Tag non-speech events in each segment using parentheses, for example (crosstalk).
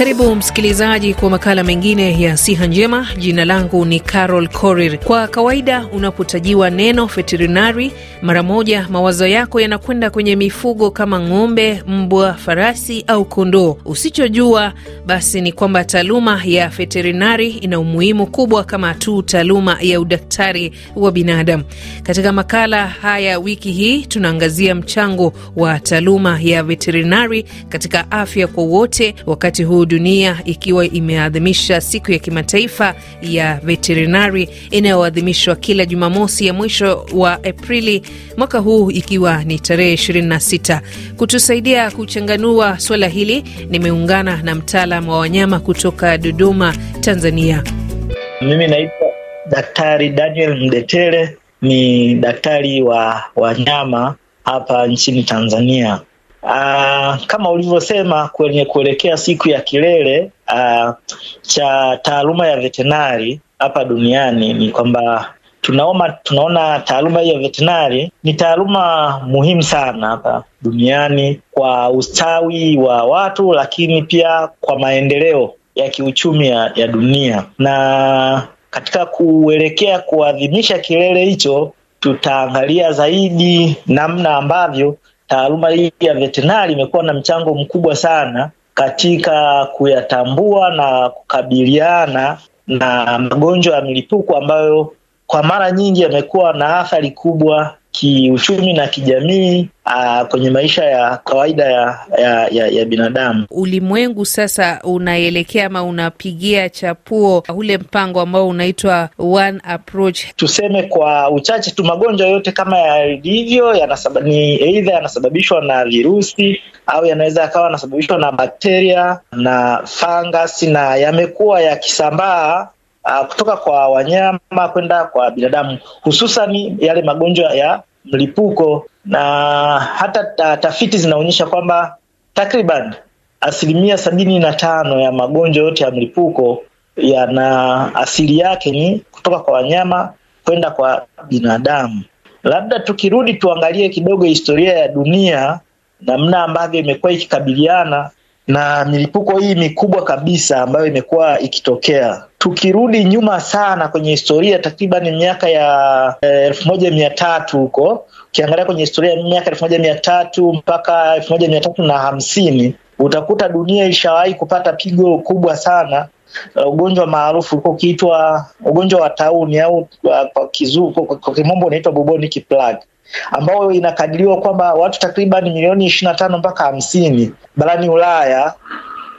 Karibu msikilizaji kwa makala mengine ya siha njema. Jina langu ni Carol Korir. Kwa kawaida unapotajiwa neno veterinari, mara moja mawazo yako yanakwenda kwenye mifugo kama ng'ombe, mbwa, farasi au kondoo. Usichojua basi ni kwamba taaluma ya veterinari ina umuhimu kubwa kama tu taaluma ya udaktari wa binadamu. Katika makala haya wiki hii tunaangazia mchango wa taaluma ya veterinari katika afya kwa wote, wakati huu dunia ikiwa imeadhimisha siku ya kimataifa ya veterinari inayoadhimishwa kila Jumamosi ya mwisho wa Aprili, mwaka huu ikiwa ni tarehe 26. Kutusaidia kuchanganua suala hili, nimeungana na mtaalam wa wanyama kutoka Dodoma, Tanzania. Mimi naitwa Daktari Daniel Mdetere, ni daktari wa wanyama hapa nchini Tanzania. Aa, ah, kama ulivyosema kwenye kuelekea siku ya kilele aa, ah, cha taaluma ya vetenari hapa duniani ni kwamba tunaoma tunaona taaluma hii ya vetenari ni taaluma muhimu sana hapa duniani kwa ustawi wa watu, lakini pia kwa maendeleo ya kiuchumi ya, ya dunia. Na katika kuelekea kuadhimisha kilele hicho, tutaangalia zaidi namna ambavyo taaluma hii ya vetenari imekuwa na mchango mkubwa sana katika kuyatambua na kukabiliana na magonjwa ya milipuko ambayo kwa mara nyingi yamekuwa na athari kubwa kiuchumi na kijamii aa, ah, kwenye maisha ya kawaida ya, ya, ya, ya binadamu. Ulimwengu sasa unaelekea ama unapigia chapuo ule mpango ambao unaitwa One Approach. Tuseme kwa uchache tu, magonjwa yote kama yalivyo yanasaba, ni eidha yanasababishwa na virusi au yanaweza yakawa yanasababishwa na bakteria na fangasi, na yamekuwa yakisambaa uh, kutoka kwa wanyama kwenda kwa binadamu, hususan yale magonjwa ya mlipuko, na hata ta, tafiti zinaonyesha kwamba takriban asilimia sabini na tano ya magonjwa yote ya mlipuko yana asili yake ni kutoka kwa wanyama kwenda kwa binadamu. Labda tukirudi tuangalie kidogo historia ya dunia, namna ambavyo imekuwa ikikabiliana na milipuko hii mikubwa kabisa ambayo imekuwa ikitokea. Tukirudi nyuma sana kwenye historia, takriban miaka ya eh, elfu moja mia tatu huko, ukiangalia kwenye historia miaka elfu moja mia tatu mpaka elfu moja mia tatu na hamsini utakuta dunia ilishawahi kupata pigo kubwa sana. Eh, ugonjwa maarufu ulikuwa ukiitwa ugonjwa wa tauni au eh, kwa kizungu, kwa kimombo unaitwa bubonic plague ambayo inakadiriwa kwamba watu takriban milioni ishirini na tano mpaka hamsini barani Ulaya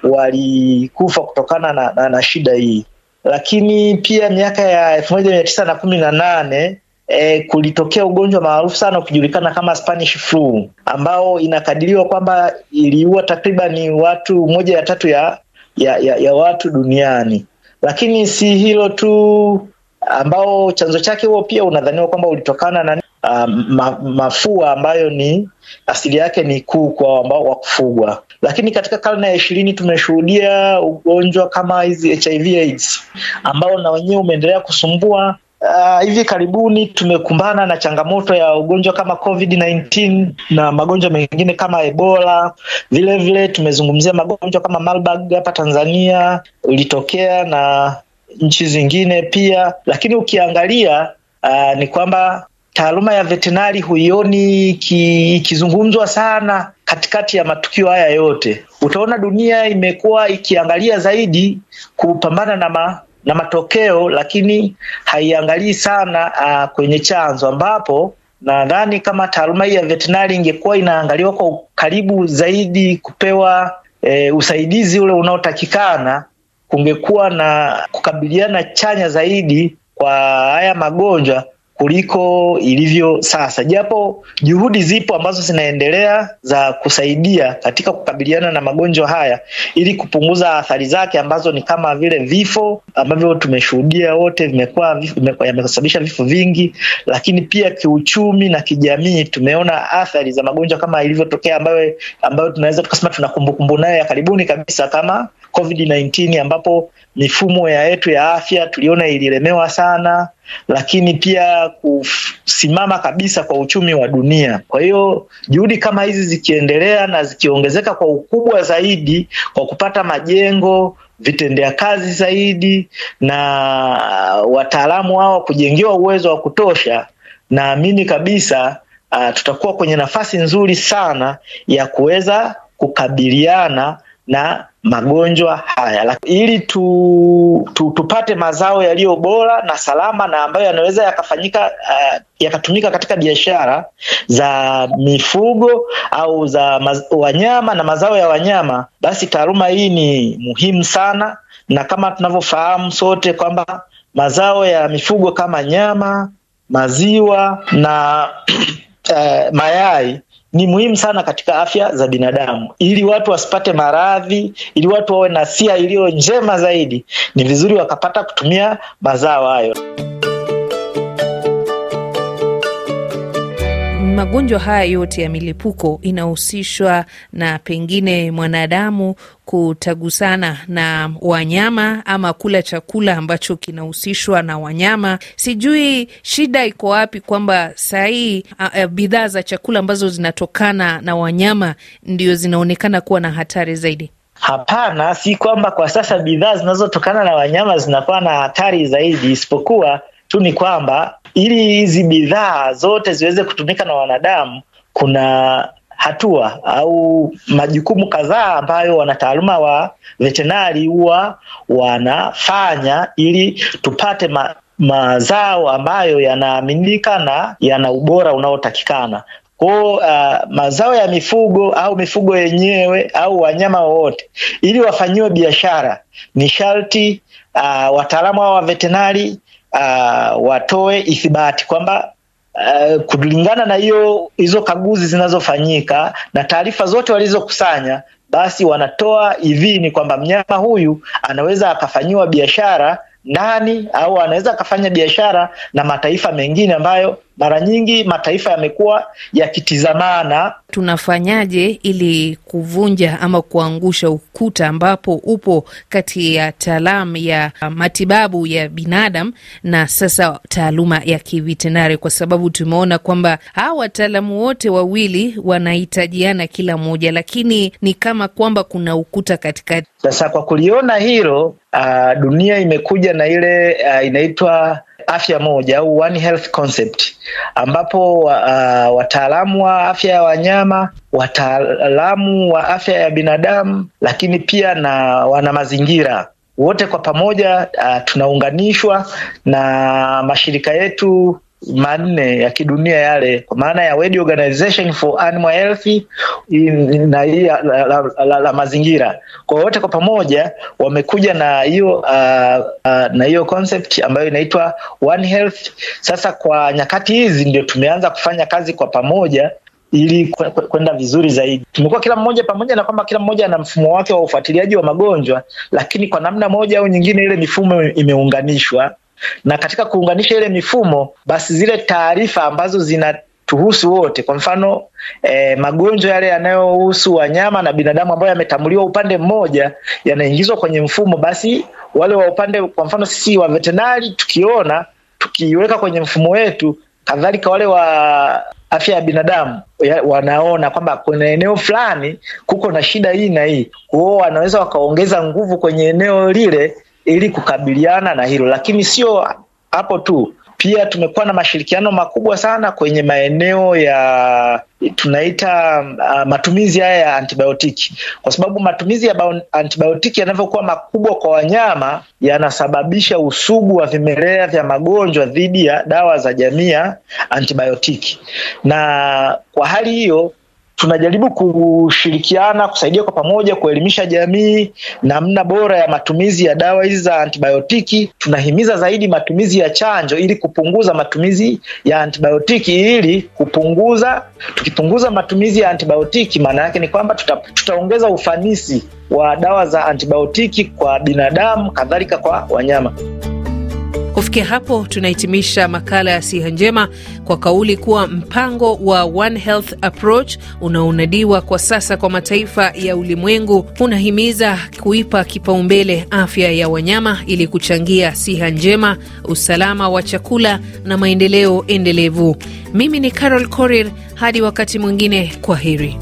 walikufa kutokana na, na, na shida hii. Lakini pia miaka ya elfu moja mia tisa na kumi na nane E, kulitokea ugonjwa maarufu sana ukijulikana kama Spanish flu ambao inakadiriwa kwamba iliua takriban watu moja ya tatu ya, ya, ya, ya watu duniani. Lakini si hilo tu, ambao chanzo chake huo pia unadhaniwa kwamba ulitokana na um, ma, mafua ambayo ni asili yake ni kwa ambao wa kufugwa, lakini katika karne ya ishirini tumeshuhudia ugonjwa kama hizi HIV AIDS ambao na wenyewe umeendelea kusumbua. Uh, hivi karibuni tumekumbana na changamoto ya ugonjwa kama COVID-19 na magonjwa mengine kama Ebola. Vile vile tumezungumzia magonjwa kama Marburg hapa Tanzania ulitokea na nchi zingine pia, lakini ukiangalia uh, ni kwamba taaluma ya vetenari huioni ikizungumzwa ki sana katikati ya matukio haya yote. Utaona dunia imekuwa ikiangalia zaidi kupambana na ma, na matokeo, lakini haiangalii sana a, kwenye chanzo ambapo nadhani kama taaluma hii ya vetenari ingekuwa inaangaliwa kwa karibu zaidi, kupewa e, usaidizi ule unaotakikana, kungekuwa na kukabiliana chanya zaidi kwa haya magonjwa kuliko ilivyo sasa, japo juhudi zipo ambazo zinaendelea za kusaidia katika kukabiliana na magonjwa haya ili kupunguza athari zake ambazo ni kama vile vifo ambavyo tumeshuhudia wote, vimekuwa yamesababisha vifo vingi, lakini pia kiuchumi na kijamii tumeona athari za magonjwa kama ilivyotokea ambayo, ambayo tunaweza tukasema tuna kumbukumbu nayo ya karibuni kabisa kama COVID-19 ambapo mifumo ya yetu ya afya tuliona ililemewa sana, lakini pia kusimama kabisa kwa uchumi wa dunia. Kwa hiyo juhudi kama hizi zikiendelea na zikiongezeka kwa ukubwa zaidi, kwa kupata majengo, vitendea kazi zaidi na wataalamu hao kujengewa uwezo wa kutosha, naamini kabisa uh, tutakuwa kwenye nafasi nzuri sana ya kuweza kukabiliana na magonjwa haya ili tu, tu, tupate mazao yaliyo bora na salama na ambayo yanaweza yakafanyika uh, yakatumika katika biashara za mifugo au za maz, wanyama na mazao ya wanyama, basi taaluma hii ni muhimu sana, na kama tunavyofahamu sote kwamba mazao ya mifugo kama nyama, maziwa na uh, (clears throat) mayai ni muhimu sana katika afya za binadamu, ili watu wasipate maradhi, ili watu wawe na sia iliyo njema zaidi. Ni vizuri wakapata kutumia mazao hayo. magonjwa haya yote ya milipuko inahusishwa na pengine mwanadamu kutagusana na wanyama ama kula chakula ambacho kinahusishwa na wanyama. Sijui shida iko wapi, kwamba sahii bidhaa za chakula ambazo zinatokana na wanyama ndio zinaonekana kuwa na hatari zaidi. Hapana, si kwamba kwa sasa bidhaa zinazotokana na wanyama zinakuwa na hatari zaidi, isipokuwa tu ni kwamba ili hizi bidhaa zote ziweze kutumika na wanadamu, kuna hatua au majukumu kadhaa ambayo wanataaluma wa vetenari huwa wanafanya ili tupate ma, mazao ambayo yanaaminika na yana ubora unaotakikana. Kwao uh, mazao ya mifugo au mifugo yenyewe au wanyama wowote, ili wafanyiwe biashara, ni sharti uh, wataalamu hao wa vetenari uh, watoe ithibati kwamba uh, kulingana na hiyo hizo kaguzi zinazofanyika na taarifa zote walizokusanya, basi wanatoa idhini kwamba mnyama huyu anaweza akafanyiwa biashara ndani au anaweza akafanya biashara na mataifa mengine ambayo mara nyingi mataifa yamekuwa yakitizamana, tunafanyaje ili kuvunja ama kuangusha ukuta ambapo upo kati ya taalam ya matibabu ya binadamu na sasa taaluma ya kivitenari, kwa sababu tumeona kwamba hawa wataalamu wote wawili wanahitajiana kila mmoja, lakini ni kama kwamba kuna ukuta katikati. Sasa kwa kuliona hilo, uh, dunia imekuja na ile uh, inaitwa afya moja au one health concept, ambapo uh, wataalamu wa afya ya wanyama, wataalamu wa afya ya binadamu, lakini pia na wana mazingira wote kwa pamoja uh, tunaunganishwa na mashirika yetu manne ya kidunia yale, kwa maana ya World Organization for Animal Health na hii la, la, la, la mazingira. Kwa wote kwa pamoja wamekuja na hiyo uh, uh, na hiyo concept ambayo inaitwa One Health. Sasa kwa nyakati hizi ndio tumeanza kufanya kazi kwa pamoja ili kwenda vizuri zaidi. Tumekuwa kila mmoja, pamoja na kwamba kila mmoja ana mfumo wake wa ufuatiliaji wa magonjwa, lakini kwa namna moja au nyingine ile mifumo imeunganishwa na katika kuunganisha ile mifumo, basi zile taarifa ambazo zina tuhusu wote, kwa mfano eh, magonjwa yale yanayohusu wanyama na binadamu ambayo yametambuliwa upande mmoja yanaingizwa kwenye mfumo, basi wale wa upande, kwa mfano sisi wa veterinari tukiona, tukiweka kwenye mfumo wetu, kadhalika wale wa afya ya binadamu wanaona kwamba kuna eneo fulani kuko na shida hii na hii, kwao wanaweza wakaongeza nguvu kwenye eneo lile ili kukabiliana na hilo, lakini sio hapo tu pia tumekuwa na mashirikiano makubwa sana kwenye maeneo ya tunaita uh, matumizi haya ya antibiotiki, kwa sababu matumizi ya antibiotiki yanavyokuwa makubwa kwa wanyama yanasababisha usugu wa vimelea vya magonjwa dhidi ya dawa za jamii ya antibiotiki, na kwa hali hiyo tunajaribu kushirikiana kusaidia kwa pamoja kuelimisha jamii namna bora ya matumizi ya dawa hizi za antibiotiki. Tunahimiza zaidi matumizi ya chanjo ili kupunguza matumizi ya antibiotiki, ili kupunguza, tukipunguza matumizi ya antibiotiki, maana yake ni kwamba tuta, tutaongeza ufanisi wa dawa za antibiotiki kwa binadamu kadhalika kwa wanyama. Kufikia hapo tunahitimisha makala ya siha njema kwa kauli kuwa mpango wa One Health Approach unaonadiwa kwa sasa kwa mataifa ya ulimwengu unahimiza kuipa kipaumbele afya ya wanyama ili kuchangia siha njema, usalama wa chakula na maendeleo endelevu. Mimi ni Carol Korir, hadi wakati mwingine, kwa heri.